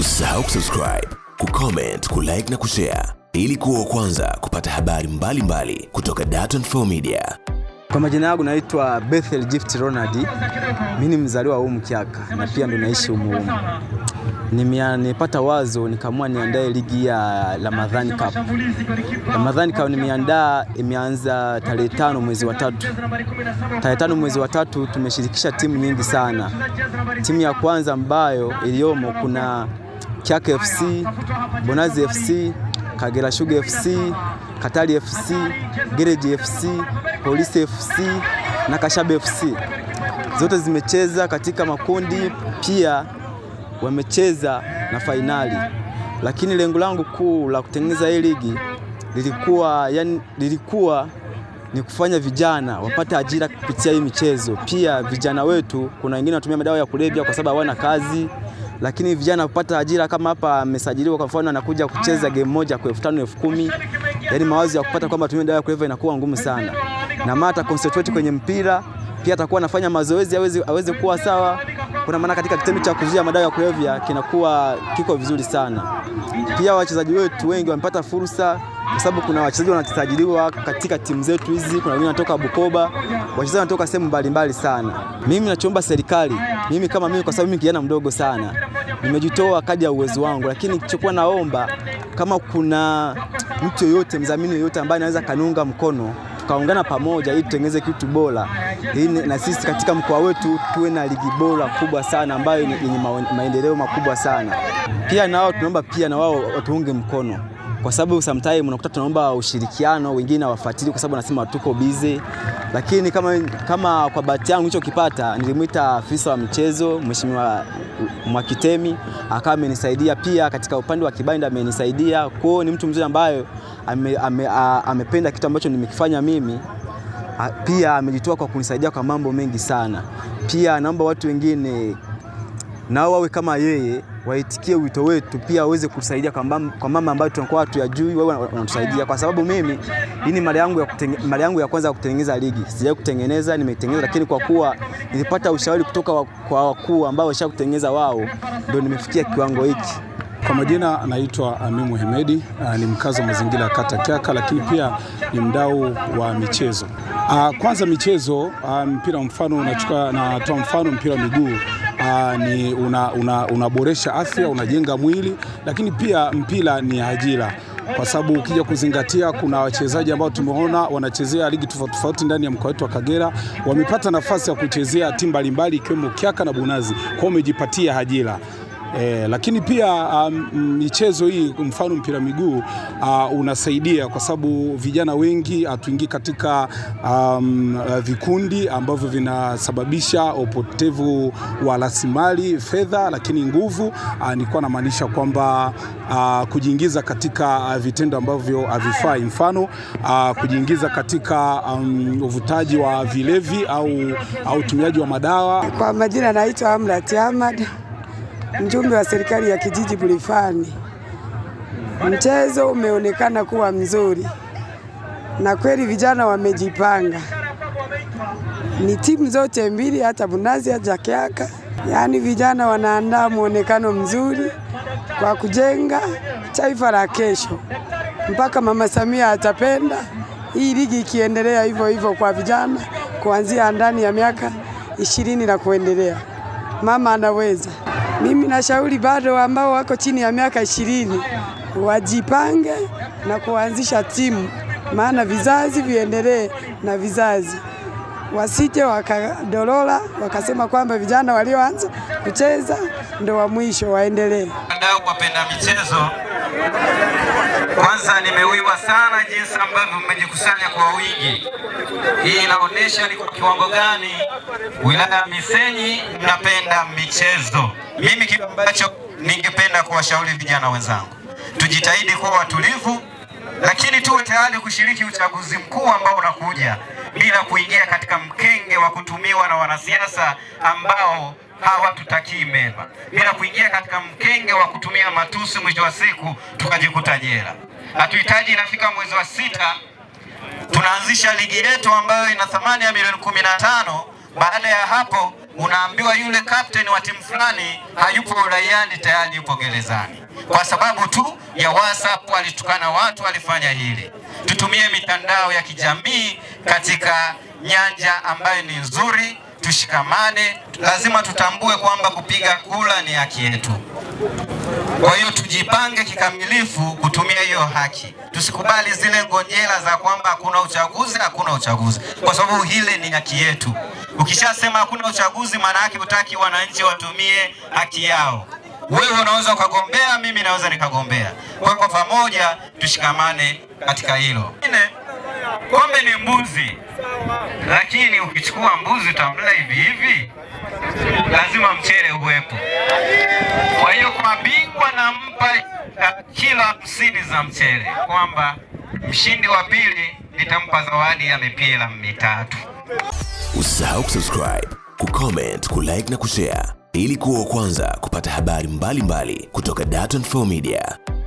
Usisahau kusubscribe, kucomment, kulike na kushare ili kuwa kwanza kupata habari mbalimbali mbali kutoka Dar24 Media. Kwa majina yangu naitwa Bethel Gift Ronald. Mimi ni mzaliwa wa humu na pia ndo naishi humu humu. Nimepata wazo nikaamua niandae ligi ya Ramadhani Cup. Ramadhani Cup nimeandaa, imeanza tarehe tano mwezi wa tatu. Tarehe tano mwezi wa tatu tumeshirikisha timu nyingi sana. Timu ya kwanza ambayo iliyomo kuna Kyake FC, Bonazi FC, Kagera Sugar FC, Katari FC, Gereji FC, Polisi FC na Kashabe FC. Zote zimecheza katika makundi, pia wamecheza na fainali, lakini lengo langu kuu la kutengeneza hii ligi lilikuwa yani, lilikuwa ni kufanya vijana wapate ajira kupitia hii michezo. Pia vijana wetu, kuna wengine wanatumia madawa ya kulevya kwa sababu hawana kazi lakini vijana kupata ajira kama hapa amesajiliwa, kwa mfano anakuja kucheza game moja kwa elfu tano elfu kumi yani mawazo ya kupata kwamba tumia dawa ya kulevya inakuwa ngumu sana, na mata concentrate kwenye mpira pia atakuwa anafanya mazoezi aweze, aweze kuwa sawa. Kuna maana katika kitendo cha kuzuia madawa ya kulevya kinakuwa kiko vizuri sana. Pia wachezaji wetu wengi wamepata fursa kwa sababu kuna wachezaji wanasajiliwa katika timu zetu hizi, kuna wengine wanatoka Bukoba, wachezaji wanatoka sehemu mbalimbali sana. Mimi nachoomba serikali, mimi kama mimi, kwa sababu mimi kijana mdogo sana, nimejitoa kadri ya uwezo wangu, lakini kichokuwa naomba kama kuna mtu yoyote, mdhamini yoyote ambaye anaweza kaniunga mkono tukaungana pamoja ili tutengeze kitu bora, ili na sisi katika mkoa wetu tuwe na ligi bora kubwa sana ambayo yenye maendeleo makubwa sana. Pia na wao tunaomba pia na wao watuunge mkono kwa sababu sometimes unakuta tunaomba ushirikiano, wengine hawafuatili kwa sababu wanasema tuko busy. Lakini kama, kama kwa bahati yangu nilichokipata, nilimwita afisa wa mchezo Mheshimiwa Mwakitemi akawa amenisaidia pia katika upande wa kibanda, amenisaidia kwao. Ni mtu mzuri ambaye ame, ame, amependa kitu ambacho nimekifanya mimi pia amejitoa kwa kunisaidia kwa mambo mengi sana. Pia naomba watu wengine nao wawe kama yeye waitikie wito wetu, pia waweze kutusaidia kwa mama ambayo tunakuwa hatuyajui, wao wanatusaidia, kwa sababu mimi hii ni mara yangu ya mara yangu ya kwanza kutengeneza ligi. Sijawahi kutengeneza, nimetengeneza, lakini kwa kuwa nilipata ushauri kutoka wa, kwa wakuu ambao washakutengeneza wao, ndio nimefikia kiwango hiki. Kwa majina anaitwa Amimu Hemedi, ah, ni mkazi wa mazingira ya kata Kyaka, lakini pia ni mdau wa michezo. Ah, kwanza michezo ah, mpira, mfano nachukua, natoa mfano mpira wa miguu ni unaboresha una, una afya, unajenga mwili, lakini pia mpira ni ajira kwa sababu ukija kuzingatia kuna wachezaji ambao tumeona wanachezea ligi tofauti tofauti ndani ya mkoa wetu wa Kagera, wamepata nafasi ya kuchezea timu mbalimbali ikiwemo kiaka na Bunazi, kwao umejipatia ajira. E, lakini pia um, michezo hii mfano mpira miguu uh, unasaidia kwa sababu vijana wengi hatuingii katika um, vikundi ambavyo vinasababisha upotevu wa rasilimali fedha, lakini nguvu uh, nilikuwa namaanisha kwamba uh, kujiingiza katika uh, vitendo ambavyo havifai, mfano uh, kujiingiza katika um, uvutaji wa vilevi au utumiaji wa madawa. Kwa majina naitwa amlat Ahmad mjumbe wa serikali ya kijiji Bulifani, mchezo umeonekana kuwa mzuri na kweli vijana wamejipanga, ni timu zote mbili, hata Bunazi hata Kyaka. Yaani vijana wanaandaa mwonekano mzuri kwa kujenga taifa la kesho. Mpaka Mama Samia atapenda hii ligi ikiendelea hivyo hivyo kwa vijana kuanzia ndani ya miaka ishirini na kuendelea mama anaweza. Mimi nashauri bado ambao wako chini ya miaka ishirini wajipange na kuanzisha timu, maana vizazi viendelee na vizazi, wasije wakadorola wakasema kwamba vijana walioanza kucheza ndo wa mwisho, waendelee. Ndao wapenda michezo kwanza nimewiwa sana jinsi ambavyo mmejikusanya kwa wingi. Hii inaonyesha ni kwa kiwango gani wilaya ya Misenyi mnapenda michezo. Mimi kitu ambacho ningependa kuwashauri vijana wenzangu, tujitahidi kuwa watulivu, lakini tuwe tayari kushiriki uchaguzi mkuu ambao unakuja bila kuingia katika mkenge wa kutumiwa na wanasiasa ambao hawatutakii mema, bila kuingia katika mkenge wa kutumia matusi, mwisho wa siku tukajikuta jela. Hatuhitaji. Inafika mwezi wa sita tunaanzisha ligi yetu ambayo ina thamani ya milioni kumi na tano. Baada ya hapo unaambiwa yule captain wa timu fulani hayupo uraiani, tayari yupo gerezani kwa sababu tu ya WhatsApp walitukana watu, walifanya hili. Tutumie mitandao ya kijamii katika nyanja ambayo ni nzuri tushikamane, lazima tutambue kwamba kupiga kura ni haki yetu. Kwa hiyo tujipange kikamilifu kutumia hiyo haki, tusikubali zile ngonjera za kwamba hakuna uchaguzi, hakuna uchaguzi, kwa sababu hile ni haki yetu. Ukishasema hakuna uchaguzi, maana yake utaki wananchi watumie haki yao. Wewe unaweza ukagombea, mimi naweza nikagombea, kwa kwa pamoja tushikamane katika hilo kombe ni mbuzi, lakini ukichukua mbuzi utamla hivi hivi, lazima mchele uwepo. Kwa hiyo kwa bingwa nampa kila hamsini za mchele, kwamba mshindi wa pili nitampa zawadi ya mipira mitatu. Usisahau kusubscribe, kucomment, kulike na kushare ili kuwa wa kwanza kupata habari mbalimbali mbali kutoka Dar24 Media.